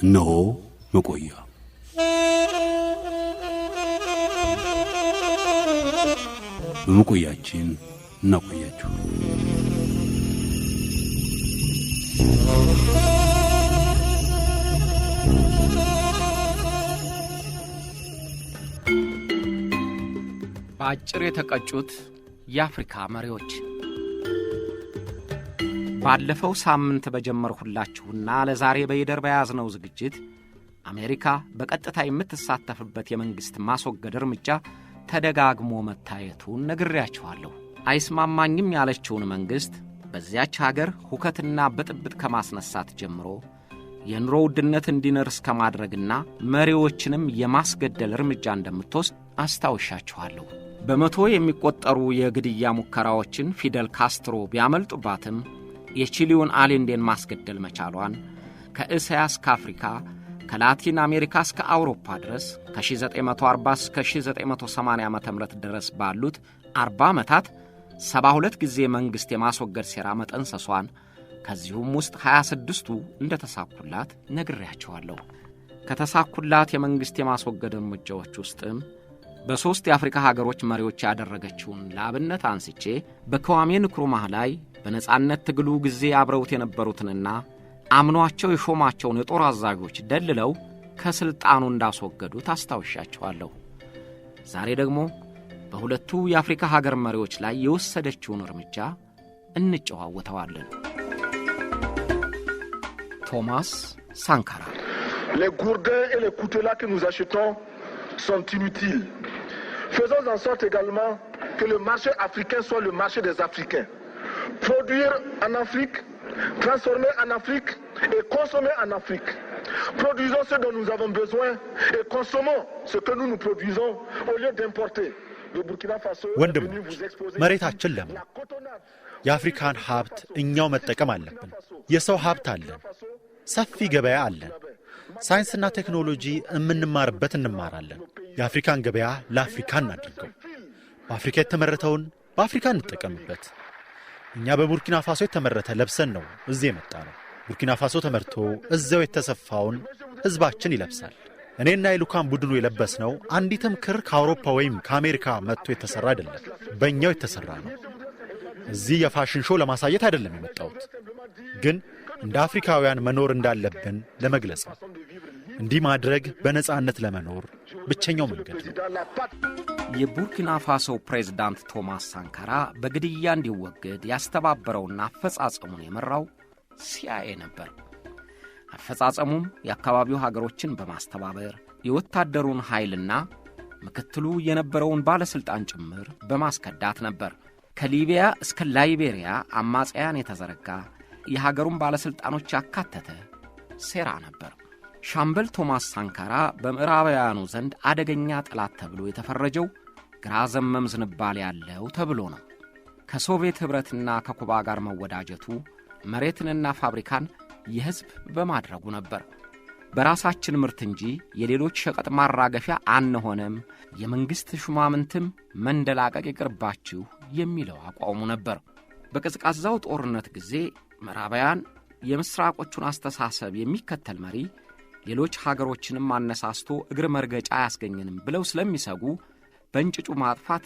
እነሆ መቆያ በመቆያችን እናቆያችሁ። በአጭር የተቀጩት የአፍሪካ መሪዎች ባለፈው ሳምንት በጀመርሁላችሁና ለዛሬ በይደር በያዝነው ዝግጅት አሜሪካ በቀጥታ የምትሳተፍበት የመንግሥት ማስወገድ እርምጃ ተደጋግሞ መታየቱን ነግሬያችኋለሁ። አይስማማኝም ያለችውን መንግሥት በዚያች አገር ሁከትና ብጥብጥ ከማስነሳት ጀምሮ የኑሮ ውድነት እንዲነር እስከ ማድረግና መሪዎችንም የማስገደል እርምጃ እንደምትወስድ አስታውሻችኋለሁ። በመቶ የሚቆጠሩ የግድያ ሙከራዎችን ፊደል ካስትሮ ቢያመልጡባትም የቺሊውን አሌንዴን ማስገደል መቻሏን ከእስያ እስከ አፍሪካ ከላቲን አሜሪካ እስከ አውሮፓ ድረስ ከ1940 እስከ 1980 ዓ ም ድረስ ባሉት 40 ዓመታት 72 ጊዜ መንግሥት የማስወገድ ሴራ መጠንሰሷን ከዚሁም ውስጥ 26ቱ እንደተሳኩላት ነግሬያቸዋለሁ። ከተሳኩላት የመንግሥት የማስወገድ እርምጃዎች ውስጥም በሦስት የአፍሪካ ሀገሮች መሪዎች ያደረገችውን ለአብነት አንስቼ በከዋሜ ንክሩማህ ላይ በነጻነት ትግሉ ጊዜ አብረውት የነበሩትንና አምኗቸው የሾማቸውን የጦር አዛዦች ደልለው ከሥልጣኑ እንዳስወገዱት አስታውሻቸዋለሁ። ዛሬ ደግሞ በሁለቱ የአፍሪካ ሀገር መሪዎች ላይ የወሰደችውን እርምጃ እንጨዋወተዋለን። ቶማስ ሳንካራ Les gourdins et les Faisons en sorte également que le marché africain soit le marché des Africains. Produire en Afrique, transformer en Afrique et consommer en Afrique. Produisons ce dont nous avons besoin et consommons ce que nous nous produisons au lieu d'importer. ወንድሞች መሬታችን ለም፣ የአፍሪካን ሀብት እኛው መጠቀም አለብን። የሰው ሀብት አለን፣ ሰፊ ገበያ አለን። ሳይንስና ቴክኖሎጂ የምንማርበት እንማራለን። የአፍሪካን ገበያ ለአፍሪካ እናድርገው። በአፍሪካ የተመረተውን በአፍሪካ እንጠቀምበት። እኛ በቡርኪና ፋሶ የተመረተ ለብሰን ነው እዚህ የመጣ ነው። ቡርኪና ፋሶ ተመርቶ እዚያው የተሰፋውን ሕዝባችን ይለብሳል። እኔና የልኡካን ቡድኑ የለበስነው አንዲትም ክር ከአውሮፓ ወይም ከአሜሪካ መጥቶ የተሠራ አይደለም፣ በእኛው የተሠራ ነው። እዚህ የፋሽን ሾው ለማሳየት አይደለም የመጣሁት፣ ግን እንደ አፍሪካውያን መኖር እንዳለብን ለመግለጽ ነው። እንዲህ ማድረግ በነፃነት ለመኖር ብቸኛው መንገድ ነው። የቡርኪና ፋሶ ፕሬዝዳንት ቶማስ ሳንካራ በግድያ እንዲወገድ ያስተባበረውና አፈጻጸሙን የመራው ሲአይኤ ነበር። አፈጻጸሙም የአካባቢው ሀገሮችን በማስተባበር የወታደሩን ኃይልና ምክትሉ የነበረውን ባለሥልጣን ጭምር በማስከዳት ነበር። ከሊቢያ እስከ ላይቤሪያ አማጽያን የተዘረጋ የሀገሩን ባለሥልጣኖች ያካተተ ሴራ ነበር። ሻምበል ቶማስ ሳንካራ በምዕራባውያኑ ዘንድ አደገኛ ጠላት ተብሎ የተፈረጀው ግራ ዘመም ዝንባል ያለው ተብሎ ነው። ከሶቪየት ኅብረትና ከኩባ ጋር መወዳጀቱ መሬትንና ፋብሪካን የሕዝብ በማድረጉ ነበር። በራሳችን ምርት እንጂ የሌሎች ሸቀጥ ማራገፊያ አንሆንም፣ የመንግሥት ሹማምንትም መንደላቀቅ ይቅርባችሁ የሚለው አቋሙ ነበር። በቀዝቃዛው ጦርነት ጊዜ ምዕራባውያን የምሥራቆቹን አስተሳሰብ የሚከተል መሪ ሌሎች ሀገሮችንም አነሳስቶ እግር መርገጫ አያስገኝንም ብለው ስለሚሰጉ በእንጭጩ ማጥፋት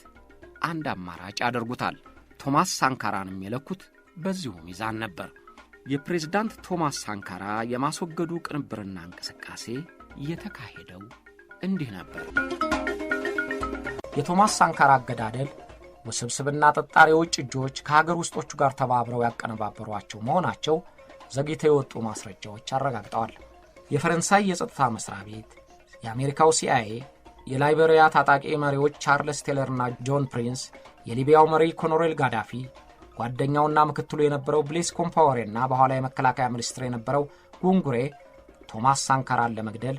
አንድ አማራጭ ያደርጉታል። ቶማስ ሳንካራንም የለኩት በዚሁ ሚዛን ነበር። የፕሬዝዳንት ቶማስ ሳንካራ የማስወገዱ ቅንብርና እንቅስቃሴ የተካሄደው እንዲህ ነበር። የቶማስ ሳንካራ አገዳደል ውስብስብና ጠጣሪ የውጭ እጆች ከሀገር ውስጦቹ ጋር ተባብረው ያቀነባበሯቸው መሆናቸው ዘግይተው የወጡ ማስረጃዎች አረጋግጠዋል። የፈረንሳይ የጸጥታ መስሪያ ቤት፣ የአሜሪካው ሲአይኤ፣ የላይቤሪያ ታጣቂ መሪዎች ቻርልስ ቴለርና ጆን ፕሪንስ፣ የሊቢያው መሪ ኮኖሬል ጋዳፊ፣ ጓደኛውና ምክትሉ የነበረው ብሌስ ኮምፓወሬና በኋላ የመከላከያ ሚኒስትር የነበረው ጉንጉሬ ቶማስ ሳንካራን ለመግደል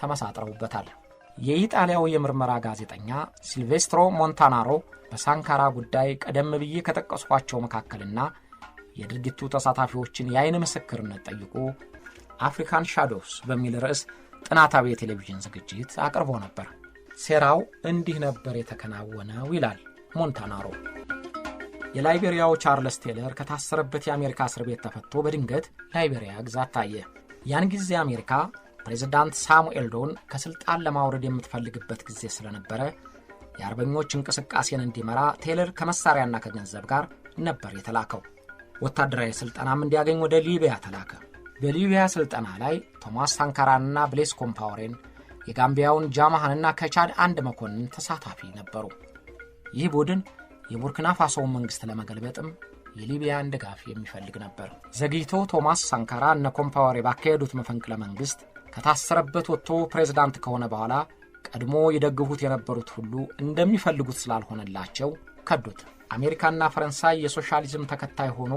ተመሳጥረውበታል። የኢጣሊያው የምርመራ ጋዜጠኛ ሲልቬስትሮ ሞንታናሮ በሳንካራ ጉዳይ ቀደም ብዬ ከጠቀስኳቸው መካከልና የድርጊቱ ተሳታፊዎችን የአይን ምስክርነት ጠይቆ አፍሪካን ሻዶውስ በሚል ርዕስ ጥናታዊ የቴሌቪዥን ዝግጅት አቅርቦ ነበር። ሴራው እንዲህ ነበር የተከናወነው ይላል ሞንታናሮ። የላይቤሪያው ቻርልስ ቴለር ከታሰረበት የአሜሪካ እስር ቤት ተፈቶ በድንገት ላይቤሪያ ግዛት ታየ። ያን ጊዜ አሜሪካ ፕሬዚዳንት ሳሙኤል ዶን ከሥልጣን ለማውረድ የምትፈልግበት ጊዜ ስለነበረ የአርበኞች እንቅስቃሴን እንዲመራ ቴለር ከመሳሪያና ከገንዘብ ጋር ነበር የተላከው። ወታደራዊ ሥልጠናም እንዲያገኝ ወደ ሊቢያ ተላከ። በሊቢያ ሥልጠና ላይ ቶማስ ሳንካራንና ብሌስ ኮምፓወሬን የጋምቢያውን ጃማሃንና ከቻድ አንድ መኮንን ተሳታፊ ነበሩ። ይህ ቡድን የቡርኪና ፋሶውን መንግሥት ለመገልበጥም የሊቢያን ድጋፍ የሚፈልግ ነበር። ዘግይቶ ቶማስ ሳንካራ እነ ኮምፓወሬ ባካሄዱት መፈንቅለ መንግሥት ከታሰረበት ወጥቶ ፕሬዝዳንት ከሆነ በኋላ ቀድሞ ይደግፉት የነበሩት ሁሉ እንደሚፈልጉት ስላልሆነላቸው ከዱት። አሜሪካና ፈረንሳይ የሶሻሊዝም ተከታይ ሆኖ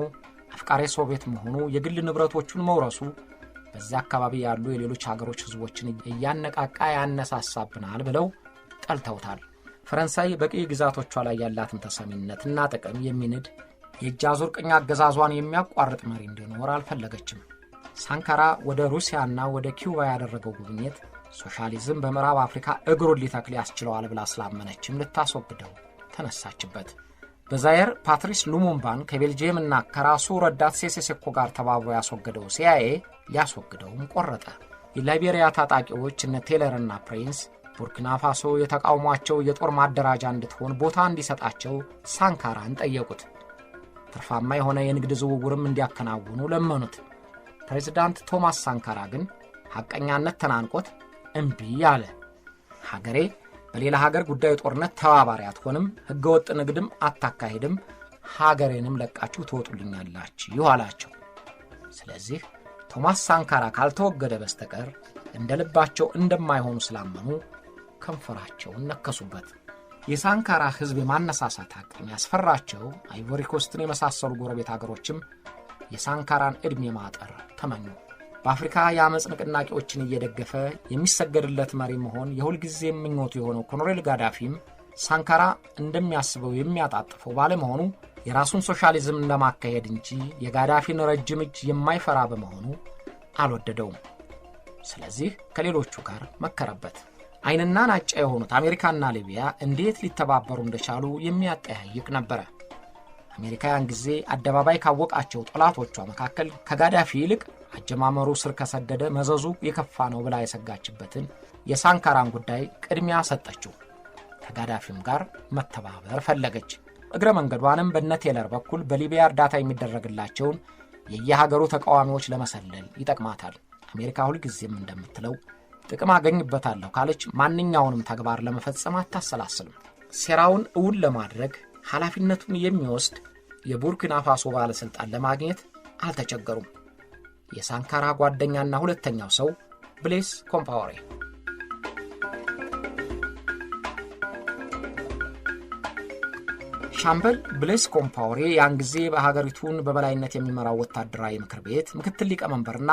አፍቃሬ ሶቪየት መሆኑ፣ የግል ንብረቶቹን መውረሱ በዚያ አካባቢ ያሉ የሌሎች ሀገሮች ህዝቦችን እያነቃቃ ያነሳሳብናል ብለው ጠልተውታል። ፈረንሳይ በቅኝ ግዛቶቿ ላይ ያላትን ተሰሚነትና ጥቅም የሚንድ የእጅ አዙር ቅኝ አገዛዟን የሚያቋርጥ መሪ እንዲኖር አልፈለገችም። ሳንካራ ወደ ሩሲያና ወደ ኪዩባ ያደረገው ጉብኝት ሶሻሊዝም በምዕራብ አፍሪካ እግሩን ሊተክል ያስችለዋል ብላ ስላመነችም ልታስወግደው ተነሳችበት። በዛየር ፓትሪስ ሉሙምባን ከቤልጅየም እና ከራሱ ረዳት ሴሴሴኮ ጋር ተባብሮ ያስወገደው ሲያኤ ሊያስወግደውም ቆረጠ። የላይቤሪያ ታጣቂዎች እነ ቴለር ፕሪንስ ቡርኪና ፋሶ የተቃውሟቸው የጦር ማደራጃ እንድትሆን ቦታ እንዲሰጣቸው ሳንካራን ጠየቁት። ትርፋማ የሆነ የንግድ ዝውውርም እንዲያከናውኑ ለመኑት። ፕሬዚዳንት ቶማስ ሳንካራ ግን ሐቀኛነት ተናንቆት እምቢ አለ። ሀገሬ በሌላ ሀገር ጉዳዩ ጦርነት ተባባሪ አትሆንም፣ ህገወጥ ንግድም አታካሄድም ሀገሬንም ለቃችሁ ትወጡልኛላችሁ አላቸው። ስለዚህ ቶማስ ሳንካራ ካልተወገደ በስተቀር እንደ ልባቸው እንደማይሆኑ ስላመኑ ከንፈራቸውን ነከሱበት። የሳንካራ ህዝብ የማነሳሳት አቅም ያስፈራቸው አይቮሪኮስትን የመሳሰሉ ጎረቤት አገሮችም የሳንካራን ዕድሜ ማጠር ተመኙ። በአፍሪካ የአመፅ ንቅናቄዎችን እየደገፈ የሚሰገድለት መሪ መሆን የሁልጊዜ ምኞቱ የሆነው ኮሎኔል ጋዳፊም ሳንካራ እንደሚያስበው የሚያጣጥፈው ባለመሆኑ የራሱን ሶሻሊዝም ለማካሄድ እንጂ የጋዳፊን ረጅም እጅ የማይፈራ በመሆኑ አልወደደውም። ስለዚህ ከሌሎቹ ጋር መከረበት። አይንና ናጫ የሆኑት አሜሪካና ሊቢያ እንዴት ሊተባበሩ እንደቻሉ የሚያጠያይቅ ነበረ። አሜሪካ ያን ጊዜ አደባባይ ካወቃቸው ጠላቶቿ መካከል ከጋዳፊ ይልቅ አጀማመሩ ስር ከሰደደ መዘዙ የከፋ ነው ብላ የሰጋችበትን የሳንካራን ጉዳይ ቅድሚያ ሰጠችው። ከጋዳፊም ጋር መተባበር ፈለገች። እግረ መንገዷንም በነ ቴለር በኩል በሊቢያ እርዳታ የሚደረግላቸውን የየሀገሩ ተቃዋሚዎች ለመሰለል ይጠቅማታል። አሜሪካ ሁልጊዜም እንደምትለው ጥቅም አገኝበታለሁ ካለች ማንኛውንም ተግባር ለመፈጸም አታሰላስልም። ሴራውን እውን ለማድረግ ኃላፊነቱን የሚወስድ የቡርኪና ፋሶ ባለሥልጣን ለማግኘት አልተቸገሩም። የሳንካራ ጓደኛና ሁለተኛው ሰው ብሌስ ኮምፓወሬ ሻምበል ብሌስ ኮምፓወሬ ያን ጊዜ በሀገሪቱን በበላይነት የሚመራው ወታደራዊ ምክር ቤት ምክትል ሊቀመንበርና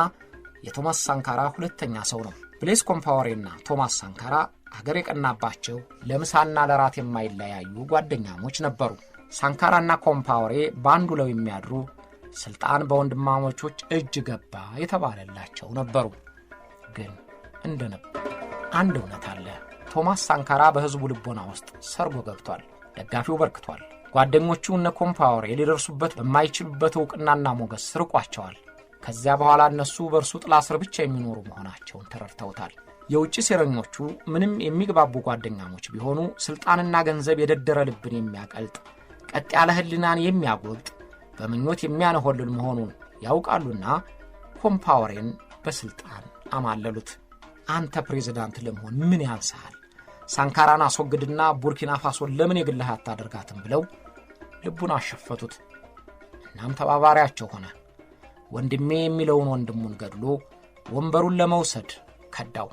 የቶማስ ሳንካራ ሁለተኛ ሰው ነው። ብሌስ ኮምፓወሬና ቶማስ ሳንካራ አገር የቀናባቸው ለምሳና ለራት የማይለያዩ ጓደኛሞች ነበሩ። ሳንካራና ኮምፓወሬ በአንዱ ለው የሚያድሩ ስልጣን በወንድማሞቾች እጅ ገባ የተባለላቸው ነበሩ። ግን እንደነበር አንድ እውነት አለ። ቶማስ ሳንካራ በሕዝቡ ልቦና ውስጥ ሰርጎ ገብቷል። ደጋፊው በርክቷል። ጓደኞቹ እነ ኮምፓወሬ ሊደርሱበት በማይችሉበት ዕውቅናና ሞገስ ርቋቸዋል። ከዚያ በኋላ እነሱ በእርሱ ጥላ ስር ብቻ የሚኖሩ መሆናቸውን ተረድተውታል። የውጭ ሴረኞቹ ምንም የሚግባቡ ጓደኛሞች ቢሆኑ ሥልጣንና ገንዘብ የደደረ ልብን የሚያቀልጥ ቀጥ ያለ ህልናን የሚያጎልጥ በምኞት የሚያነሆልል መሆኑን ያውቃሉና ኮምፓወሬን በሥልጣን አማለሉት። አንተ ፕሬዚዳንት ለመሆን ምን ያንሳሃል? ሳንካራን አስወግድና ቡርኪና ፋሶን ለምን የግልህ አታደርጋትም ብለው ልቡን አሸፈቱት። እናም ተባባሪያቸው ሆነ። ወንድሜ የሚለውን ወንድሙን ገድሎ ወንበሩን ለመውሰድ ከዳው።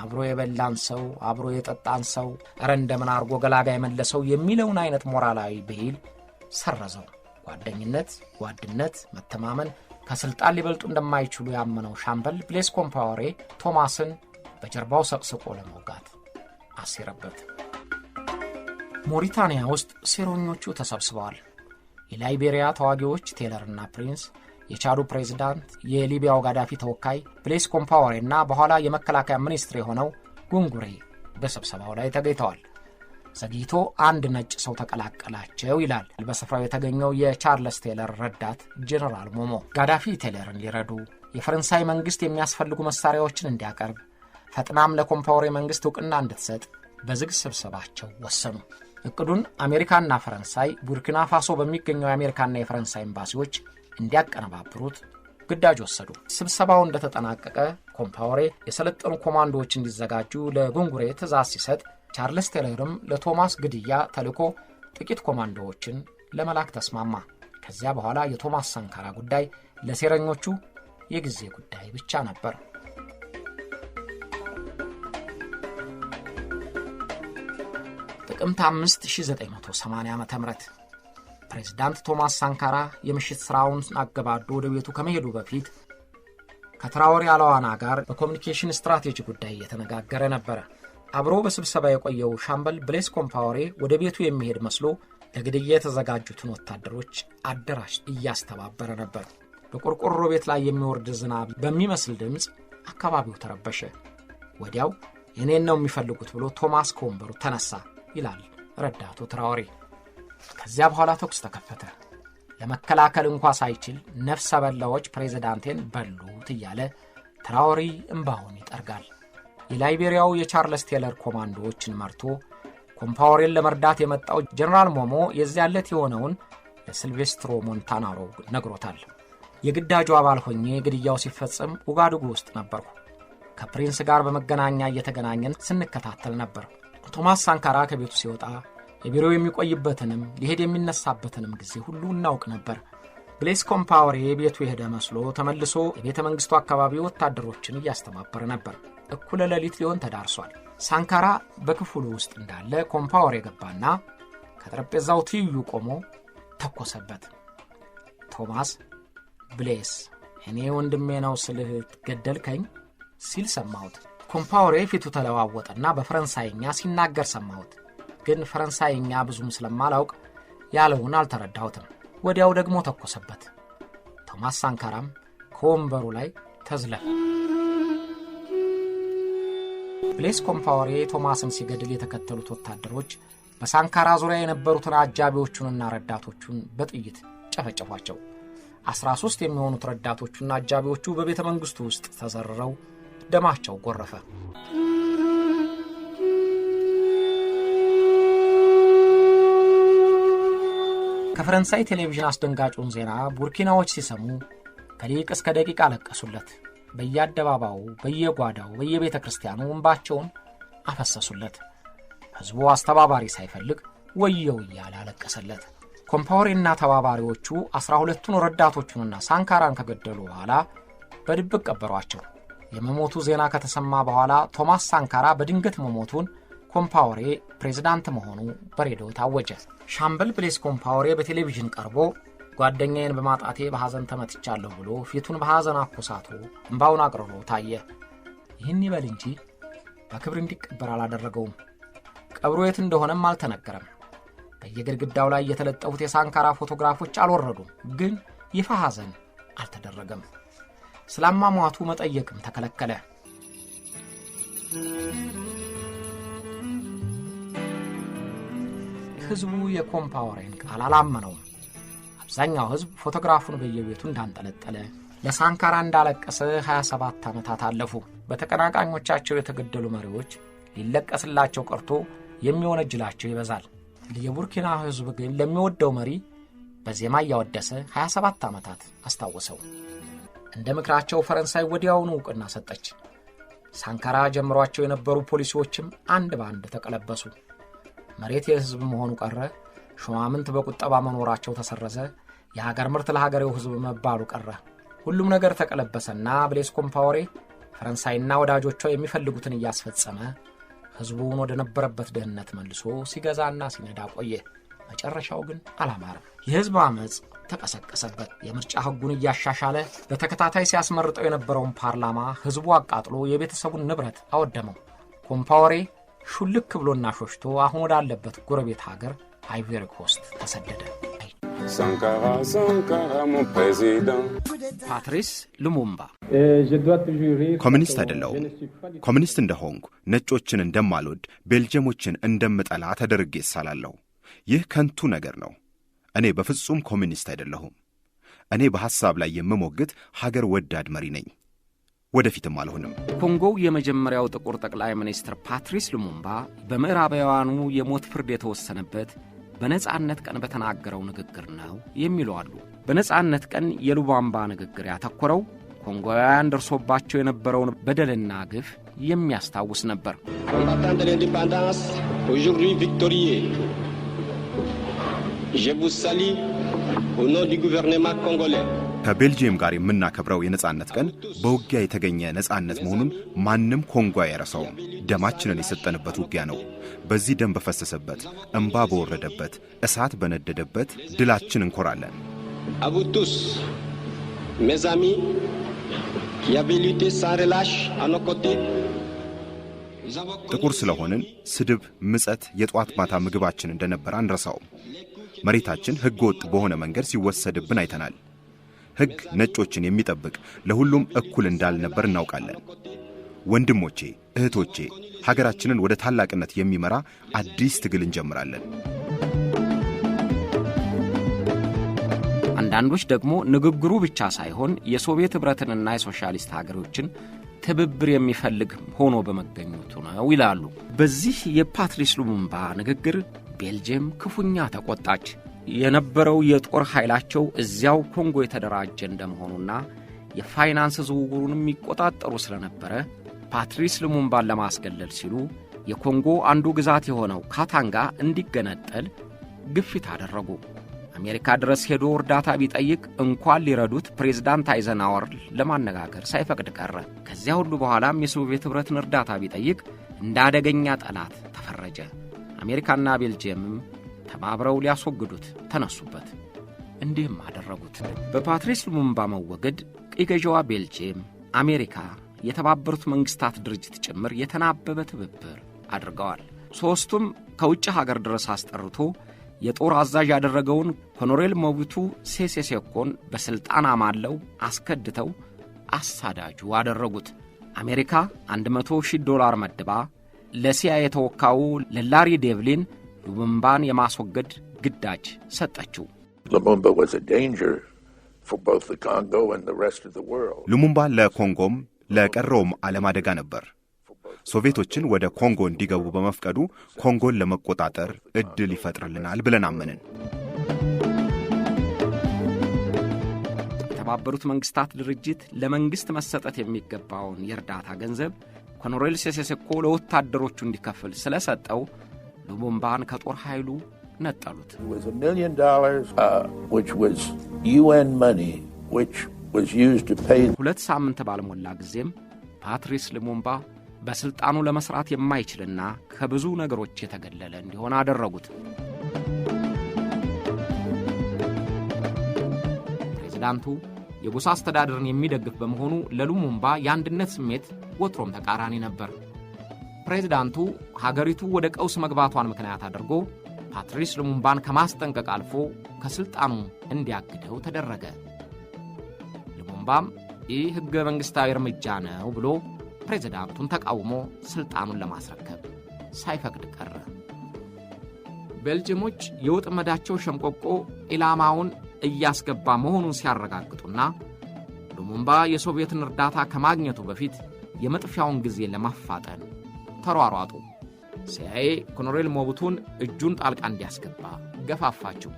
አብሮ የበላን ሰው አብሮ የጠጣን ሰው እረ እንደምን አድርጎ ገላጋ የመለሰው የሚለውን አይነት ሞራላዊ ብሂል ሰረዘው። ጓደኝነት፣ ጓድነት፣ መተማመን ከሥልጣን ሊበልጡ እንደማይችሉ ያመነው ሻምበል ብሌስ ኮምፓወሬ ቶማስን በጀርባው ሰቅስቆ ለመውጋት አሴረበት። ሞሪታንያ ውስጥ ሴረኞቹ ተሰብስበዋል። የላይቤሪያ ተዋጊዎች ቴለርና ፕሪንስ የቻዱ ፕሬዚዳንት የሊቢያው ጋዳፊ ተወካይ ብሌስ ኮምፓወሬ እና በኋላ የመከላከያ ሚኒስትር የሆነው ጉንጉሬ በስብሰባው ላይ ተገኝተዋል። ዘግይቶ አንድ ነጭ ሰው ተቀላቀላቸው ይላል በስፍራው የተገኘው የቻርለስ ቴለር ረዳት ጄኔራል ሞሞ። ጋዳፊ ቴለርን ሊረዱ የፈረንሳይ መንግሥት የሚያስፈልጉ መሳሪያዎችን እንዲያቀርብ ፈጥናም ለኮምፓወሬ መንግሥት እውቅና እንድትሰጥ በዝግ ስብሰባቸው ወሰኑ። እቅዱን አሜሪካና ፈረንሳይ ቡርኪና ፋሶ በሚገኘው የአሜሪካና የፈረንሳይ ኤምባሲዎች እንዲያቀነባብሩት ግዳጅ ወሰዱ። ስብሰባው እንደተጠናቀቀ ኮምፓወሬ የሰለጠኑ ኮማንዶዎች እንዲዘጋጁ ለጉንጉሬ ትእዛዝ ሲሰጥ፣ ቻርልስ ቴለርም ለቶማስ ግድያ ተልኮ ጥቂት ኮማንዶዎችን ለመላክ ተስማማ። ከዚያ በኋላ የቶማስ ሳንካራ ጉዳይ ለሴረኞቹ የጊዜ ጉዳይ ብቻ ነበር። ጥቅምት 5980 ዓ ም ፕሬዚዳንት ቶማስ ሳንካራ የምሽት ሥራውን አገባዶ ወደ ቤቱ ከመሄዱ በፊት ከትራወሬ አለዋና ጋር በኮሚኒኬሽን ስትራቴጂ ጉዳይ እየተነጋገረ ነበረ። አብሮ በስብሰባ የቆየው ሻምበል ብሌስ ኮምፓወሬ ወደ ቤቱ የሚሄድ መስሎ ለግድያ የተዘጋጁትን ወታደሮች አደራሽ እያስተባበረ ነበር። በቆርቆሮ ቤት ላይ የሚወርድ ዝናብ በሚመስል ድምፅ አካባቢው ተረበሸ። ወዲያው የኔን ነው የሚፈልጉት ብሎ ቶማስ ከወንበሩ ተነሳ ይላል ረዳቱ ትራወሬ። ከዚያ በኋላ ተኩስ ተከፈተ። ለመከላከል እንኳ ሳይችል ነፍሰ በላዎች ፕሬዚዳንቴን በሉት እያለ ትራኦሬ እምባውን ይጠርጋል። የላይቤሪያው የቻርለስ ቴለር ኮማንዶዎችን መርቶ ኮምፓወሬን ለመርዳት የመጣው ጀነራል ሞሞ የዚያለት ዕለት የሆነውን ለስልቬስትሮ ሞንታናሮ ነግሮታል። የግዳጁ አባል ሆኜ ግድያው ሲፈጽም ውጋዱጉ ውስጥ ነበርኩ። ከፕሪንስ ጋር በመገናኛ እየተገናኘን ስንከታተል ነበር። ቶማስ ሳንካራ ከቤቱ ሲወጣ የቢሮ የሚቆይበትንም ሊሄድ የሚነሳበትንም ጊዜ ሁሉ እናውቅ ነበር። ብሌስ ኮምፓወሬ ቤቱ የሄደ መስሎ ተመልሶ የቤተ መንግሥቱ አካባቢ ወታደሮችን እያስተባበረ ነበር። እኩለ ሌሊት ሊሆን ተዳርሷል። ሳንካራ በክፍሉ ውስጥ እንዳለ ኮምፓወሬ ገባና ከጠረጴዛው ትይዩ ቆሞ ተኮሰበት። ቶማስ ብሌስ እኔ ወንድሜ ነው ስልህ ትገደልከኝ ሲል ሰማሁት። ኮምፓወሬ ፊቱ ተለዋወጠና በፈረንሳይኛ ሲናገር ሰማሁት። ግን ፈረንሳይኛ ብዙም ስለማላውቅ ያለውን አልተረዳሁትም። ወዲያው ደግሞ ተኮሰበት። ቶማስ ሳንካራም ከወንበሩ ላይ ተዝለፈ። ብሌስ ኮምፓወሬ ቶማስን ሲገድል የተከተሉት ወታደሮች በሳንካራ ዙሪያ የነበሩትን አጃቢዎቹንና ረዳቶቹን በጥይት ጨፈጨፏቸው። ሦስት የሚሆኑት ረዳቶቹና አጃቢዎቹ በቤተ መንግሥቱ ውስጥ ተዘርረው ደማቸው ጎረፈ። ከፈረንሳይ ቴሌቪዥን አስደንጋጩን ዜና ቡርኪናዎች ሲሰሙ ከሊቅ እስከ ደቂቅ አለቀሱለት። በየአደባባዩ፣ በየጓዳው፣ በየቤተ ክርስቲያኑ እንባቸውን አፈሰሱለት። ሕዝቡ አስተባባሪ ሳይፈልግ ወየው እያለ አለቀሰለት። ኮምፓውሬና ተባባሪዎቹ ዐሥራ ሁለቱን ረዳቶቹንና ሳንካራን ከገደሉ በኋላ በድብቅ ቀበሯቸው። የመሞቱ ዜና ከተሰማ በኋላ ቶማስ ሳንካራ በድንገት መሞቱን ኮምፓውሬ ፕሬዝዳንት መሆኑ በሬዲዮ ታወጀ። ሻምበል ብሌስ ኮምፓወሬ በቴሌቪዥን ቀርቦ ጓደኛዬን በማጣቴ በሐዘን ተመትቻለሁ ብሎ ፊቱን በሐዘን አኮሳቶ እምባውን አቅርቦ ታየ። ይህን ይበል እንጂ በክብር እንዲቀበር አላደረገውም። ቀብሮ የት እንደሆነም አልተነገረም። በየግድግዳው ላይ የተለጠፉት የሳንካራ ፎቶግራፎች አልወረዱም፣ ግን ይፋ ሐዘን አልተደረገም። ስላማሟቱ መጠየቅም ተከለከለ። ሕዝቡ የኮምፓወሬን ቃል አላመነውም። አብዛኛው ሕዝብ ፎቶግራፉን በየቤቱ እንዳንጠለጠለ ለሳንካራ እንዳለቀሰ 27 ዓመታት አለፉ። በተቀናቃኞቻቸው የተገደሉ መሪዎች ሊለቀስላቸው ቀርቶ የሚወነጅላቸው ይበዛል። የቡርኪና ሕዝብ ግን ለሚወደው መሪ በዜማ እያወደሰ 27 ዓመታት አስታወሰው። እንደ ምክራቸው ፈረንሳይ ወዲያውኑ እውቅና ሰጠች። ሳንካራ ጀምሯቸው የነበሩ ፖሊሲዎችም አንድ በአንድ ተቀለበሱ። መሬት የህዝብ መሆኑ ቀረ። ሹማምንት በቁጠባ መኖራቸው ተሰረዘ። የሀገር ምርት ለሀገሬው ህዝብ መባሉ ቀረ። ሁሉም ነገር ተቀለበሰና ብሌስ ኮምፓወሬ ፈረንሳይና ወዳጆቿ የሚፈልጉትን እያስፈጸመ ህዝቡን ወደ ነበረበት ድህነት መልሶ ሲገዛና ሲነዳ ቆየ። መጨረሻው ግን አላማረም። የህዝብ አመፅ ተቀሰቀሰበት። የምርጫ ህጉን እያሻሻለ በተከታታይ ሲያስመርጠው የነበረውን ፓርላማ ህዝቡ አቃጥሎ የቤተሰቡን ንብረት አወደመው። ኮምፓወሬ ሹልክ ብሎና ሾሽቶ አሁን ወዳለበት ጎረቤት ሀገር አይቬሪ ኮስት ተሰደደ። ፓትሪስ ልሙምባ eh, ኮሚኒስት አይደለሁም። ኮሚኒስት እንደሆንኩ ነጮችን እንደማልወድ፣ ቤልጅየሞችን እንደምጠላ ተደርጌ ይሳላለሁ። ይህ ከንቱ ነገር ነው። እኔ በፍጹም ኮሚኒስት አይደለሁም። እኔ በሐሳብ ላይ የምሞግት ሀገር ወዳድ መሪ ነኝ። ወደፊትም አልሆንም። ኮንጎው የመጀመሪያው ጥቁር ጠቅላይ ሚኒስትር ፓትሪስ ሉሙምባ በምዕራባውያኑ የሞት ፍርድ የተወሰነበት በነጻነት ቀን በተናገረው ንግግር ነው የሚሉ አሉ። በነጻነት ቀን የሉባምባ ንግግር ያተኮረው ኮንጎውያን ደርሶባቸው የነበረውን በደልና ግፍ የሚያስታውስ ነበር። ኮንጎሌ ከቤልጅየም ጋር የምናከብረው የነጻነት ቀን በውጊያ የተገኘ ነጻነት መሆኑን ማንም ኮንጎ አይረሳውም። ደማችንን የሰጠንበት ውጊያ ነው። በዚህ ደም በፈሰሰበት፣ እንባ በወረደበት፣ እሳት በነደደበት ድላችን እንኮራለን። አቡቱስ ሜዛሚ የቤሊቴ ሳሬላሽ አኖኮቴ ጥቁር ስለሆንን ስድብ፣ ምጸት የጠዋት ማታ ምግባችን እንደነበር አንረሳውም። መሬታችን ሕገ ወጥ በሆነ መንገድ ሲወሰድብን አይተናል። ሕግ ነጮችን የሚጠብቅ ለሁሉም እኩል እንዳልነበር እናውቃለን። ወንድሞቼ፣ እህቶቼ ሀገራችንን ወደ ታላቅነት የሚመራ አዲስ ትግል እንጀምራለን። አንዳንዶች ደግሞ ንግግሩ ብቻ ሳይሆን የሶቪየት ኅብረትንና የሶሻሊስት ሀገሮችን ትብብር የሚፈልግ ሆኖ በመገኘቱ ነው ይላሉ። በዚህ የፓትሪስ ሉሙምባ ንግግር ቤልጅየም ክፉኛ ተቆጣች። የነበረው የጦር ኃይላቸው እዚያው ኮንጎ የተደራጀ እንደመሆኑና የፋይናንስ ዝውውሩንም የሚቆጣጠሩ ስለነበረ ፓትሪስ ልሙምባን ለማስገለል ሲሉ የኮንጎ አንዱ ግዛት የሆነው ካታንጋ እንዲገነጠል ግፊት አደረጉ። አሜሪካ ድረስ ሄዶ እርዳታ ቢጠይቅ እንኳን ሊረዱት ፕሬዝዳንት አይዘናወር ለማነጋገር ሳይፈቅድ ቀረ። ከዚያ ሁሉ በኋላም የሶቪየት ኅብረትን እርዳታ ቢጠይቅ እንደ አደገኛ ጠላት ተፈረጀ። አሜሪካና ቤልጅየምም ተባብረው ሊያስወግዱት ተነሱበት። እንዲህም አደረጉት። በፓትሪስ ሉሙምባ መወገድ ቅኝ ገዢዋ ቤልጅየም፣ አሜሪካ፣ የተባበሩት መንግሥታት ድርጅት ጭምር የተናበበ ትብብር አድርገዋል። ሦስቱም ከውጭ ሀገር ድረስ አስጠርቶ የጦር አዛዥ ያደረገውን ኮኖሬል ሞቡቱ ሴሴሴኮን በሥልጣን አማለው አስከድተው አሳዳጁ አደረጉት። አሜሪካ 100 ሺህ ዶላር መድባ ለሲያ የተወካው ለላሪ ዴቭሊን ሉሙምባን የማስወገድ ግዳጅ ሰጠችው። ሉሙምባ ለኮንጎም ለቀረውም ዓለም አደጋ ነበር። ሶቪየቶችን ወደ ኮንጎ እንዲገቡ በመፍቀዱ ኮንጎን ለመቆጣጠር ዕድል ይፈጥርልናል ብለን አመንን። የተባበሩት መንግስታት ድርጅት ለመንግሥት መሰጠት የሚገባውን የእርዳታ ገንዘብ ኮሎኔል ሴሴሴኮ ለወታደሮቹ እንዲከፍል ስለሰጠው ሉሙምባን ከጦር ኃይሉ ነጠሉት። uh, ሁለት ሳምንት ባልሞላ ጊዜም ፓትሪስ ልሙምባ በሥልጣኑ ለመሥራት የማይችልና ከብዙ ነገሮች የተገለለ እንዲሆን አደረጉት። ፕሬዚዳንቱ የጎሳ አስተዳደርን የሚደግፍ በመሆኑ ለሉሙምባ የአንድነት ስሜት ወትሮም ተቃራኒ ነበር። ፕሬዚዳንቱ ሀገሪቱ ወደ ቀውስ መግባቷን ምክንያት አድርጎ ፓትሪስ ልሙምባን ከማስጠንቀቅ አልፎ ከሥልጣኑ እንዲያግደው ተደረገ። ልሙምባም ይህ ሕገ መንግሥታዊ እርምጃ ነው ብሎ ፕሬዚዳንቱን ተቃውሞ ሥልጣኑን ለማስረከብ ሳይፈቅድ ቀረ። ቤልጅየሞች የወጥመዳቸው ሸምቆቆ ኢላማውን እያስገባ መሆኑን ሲያረጋግጡና ሉሙምባ የሶቪየትን እርዳታ ከማግኘቱ በፊት የመጥፊያውን ጊዜ ለማፋጠን ተሯሯጡ። ሲአይኤ ኮሎኔል ሞቡቱን እጁን ጣልቃ እንዲያስገባ ገፋፋችው።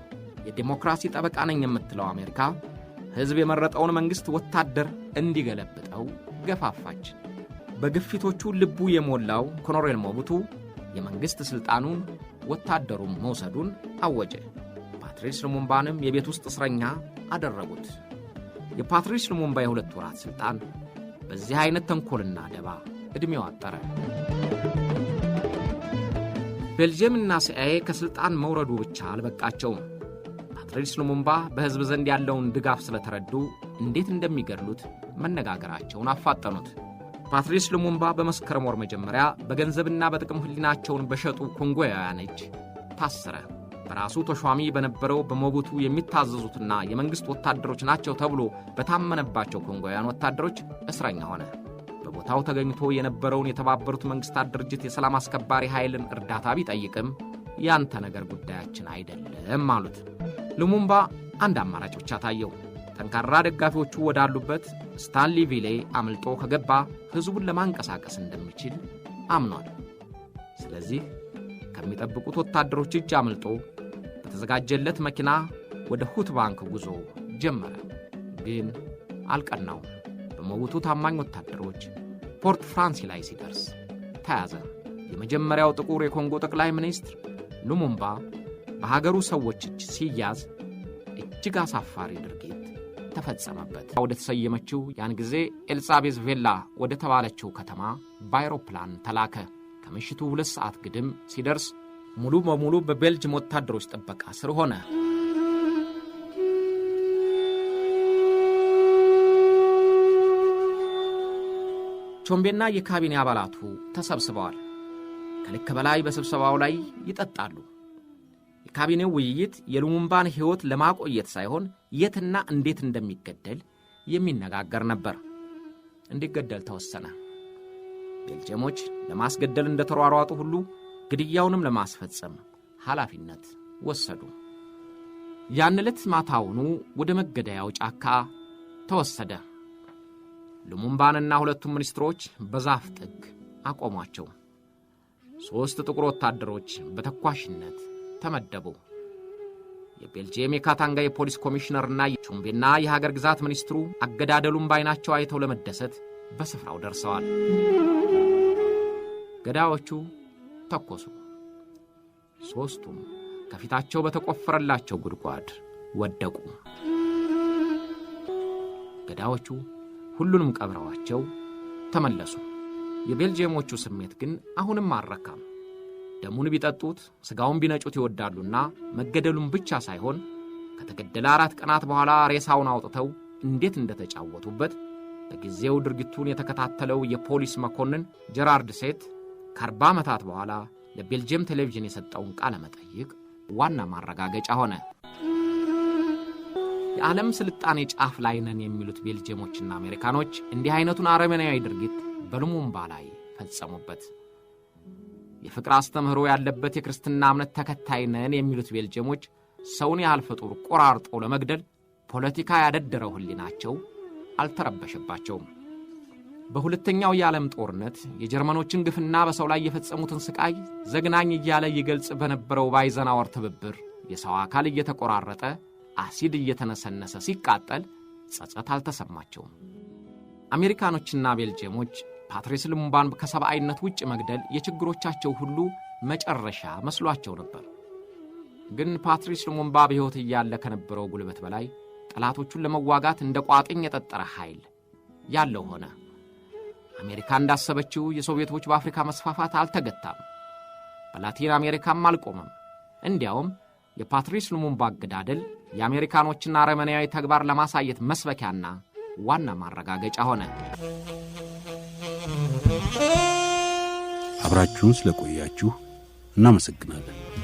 የዴሞክራሲ ጠበቃ ነኝ የምትለው አሜሪካ ሕዝብ የመረጠውን መንግሥት ወታደር እንዲገለብጠው ገፋፋች። በግፊቶቹ ልቡ የሞላው ኮሎኔል ሞቡቱ የመንግሥት ሥልጣኑን ወታደሩም መውሰዱን አወጀ። ፓትሪስ ልሙምባንም የቤት ውስጥ እስረኛ አደረጉት። የፓትሪስ ልሙምባ የሁለት ወራት ሥልጣን በዚህ ዐይነት ተንኰልና ደባ ዕድሜው አጠረ። ቤልጅየምና ሲአይኤ ከሥልጣን መውረዱ ብቻ አልበቃቸውም። ፓትሪስ ሉሙምባ በሕዝብ ዘንድ ያለውን ድጋፍ ስለተረዱ እንዴት እንደሚገድሉት መነጋገራቸውን አፋጠኑት። ፓትሪስ ሉሙምባ በመስከረም ወር መጀመሪያ በገንዘብና በጥቅም ሕሊናቸውን በሸጡ ኮንጎያውያን እጅ ታሰረ። በራሱ ተሿሚ በነበረው በሞቡቱ የሚታዘዙትና የመንግሥት ወታደሮች ናቸው ተብሎ በታመነባቸው ኮንጎያውያን ወታደሮች እስረኛ ሆነ። በቦታው ተገኝቶ የነበረውን የተባበሩት መንግስታት ድርጅት የሰላም አስከባሪ ኃይልን እርዳታ ቢጠይቅም ያንተ ነገር ጉዳያችን አይደለም አሉት። ልሙምባ አንድ አማራጭ ብቻ ታየው። ጠንካራ ደጋፊዎቹ ወዳሉበት ስታንሊ ቪሌ አምልጦ ከገባ ሕዝቡን ለማንቀሳቀስ እንደሚችል አምኗል። ስለዚህ ከሚጠብቁት ወታደሮች እጅ አምልጦ በተዘጋጀለት መኪና ወደ ሁት ባንክ ጉዞ ጀመረ። ግን አልቀናውም። በሞቡቱ ታማኝ ወታደሮች ፖርት ፍራንሲ ላይ ሲደርስ ተያዘ። የመጀመሪያው ጥቁር የኮንጎ ጠቅላይ ሚኒስትር ሉሙምባ በሀገሩ ሰዎች እጅ ሲያዝ እጅግ አሳፋሪ ድርጊት ተፈጸመበት። ወደ ተሰየመችው ያን ጊዜ ኤልሳቤዝ ቬላ ወደ ተባለችው ከተማ በአይሮፕላን ተላከ። ከምሽቱ ሁለት ሰዓት ግድም ሲደርስ ሙሉ በሙሉ በቤልጅም ወታደሮች ጥበቃ ስር ሆነ። ቾምቤና የካቢኔ አባላቱ ተሰብስበዋል። ከልክ በላይ በስብሰባው ላይ ይጠጣሉ። የካቢኔው ውይይት የሉሙምባን ሕይወት ለማቆየት ሳይሆን የትና እንዴት እንደሚገደል የሚነጋገር ነበር። እንዲገደል ተወሰነ። ቤልጅየሞች ለማስገደል እንደተሯሯጡ ሁሉ ግድያውንም ለማስፈጸም ኃላፊነት ወሰዱ። ያን ዕለት ማታውኑ ወደ መገደያው ጫካ ተወሰደ። ልሙምባንና ሁለቱም ሚኒስትሮች በዛፍ ጥግ አቆሟቸው። ሦስት ጥቁር ወታደሮች በተኳሽነት ተመደቡ። የቤልጅየም የካታንጋ የፖሊስ ኮሚሽነርና የቹምቤና የሀገር ግዛት ሚኒስትሩ አገዳደሉን በዐይናቸው አይተው ለመደሰት በስፍራው ደርሰዋል። ገዳዮቹ ተኮሱ። ሦስቱም ከፊታቸው በተቆፈረላቸው ጉድጓድ ወደቁ። ገዳዮቹ ሁሉንም ቀብረዋቸው ተመለሱ። የቤልጅየሞቹ ስሜት ግን አሁንም አልረካም። ደሙን ቢጠጡት ሥጋውን ቢነጩት ይወዳሉና መገደሉን ብቻ ሳይሆን ከተገደለ አራት ቀናት በኋላ ሬሳውን አውጥተው እንዴት እንደተጫወቱበት በጊዜው ድርጊቱን የተከታተለው የፖሊስ መኮንን ጀራርድ ሴት ከአርባ ዓመታት በኋላ ለቤልጅየም ቴሌቪዥን የሰጠውን ቃለ መጠይቅ ዋና ማረጋገጫ ሆነ። የዓለም ስልጣኔ ጫፍ ላይ ነን የሚሉት ቤልጅየሞችና አሜሪካኖች እንዲህ አይነቱን አረመናዊ ድርጊት በልሙምባ ላይ ፈጸሙበት። የፍቅር አስተምህሮ ያለበት የክርስትና እምነት ተከታይ ነን የሚሉት ቤልጅየሞች ሰውን ያህል ፍጡር ቆራርጦ ለመግደል ፖለቲካ ያደደረው ሕሊናቸው አልተረበሸባቸውም። በሁለተኛው የዓለም ጦርነት የጀርመኖችን ግፍና በሰው ላይ የፈጸሙትን ስቃይ ዘግናኝ እያለ ይገልጽ በነበረው ባይዘናወር ትብብር የሰው አካል እየተቆራረጠ አሲድ እየተነሰነሰ ሲቃጠል ጸጸት አልተሰማቸውም። አሜሪካኖችና ቤልጅየሞች ፓትሪስ ልሙምባን ከሰብአዊነት ውጭ መግደል የችግሮቻቸው ሁሉ መጨረሻ መስሏቸው ነበር። ግን ፓትሪስ ልሙምባ በሕይወት እያለ ከነበረው ጉልበት በላይ ጠላቶቹን ለመዋጋት እንደ ቋጥኝ የጠጠረ ኃይል ያለው ሆነ። አሜሪካ እንዳሰበችው የሶቪየቶች በአፍሪካ መስፋፋት አልተገታም፣ በላቲን አሜሪካም አልቆመም። እንዲያውም የፓትሪስ ሉሙምባ አገዳደል የአሜሪካኖችና አረመናዊ ተግባር ለማሳየት መስበኪያና ዋና ማረጋገጫ ሆነ። አብራችሁን ስለቆያችሁ እናመሰግናለን።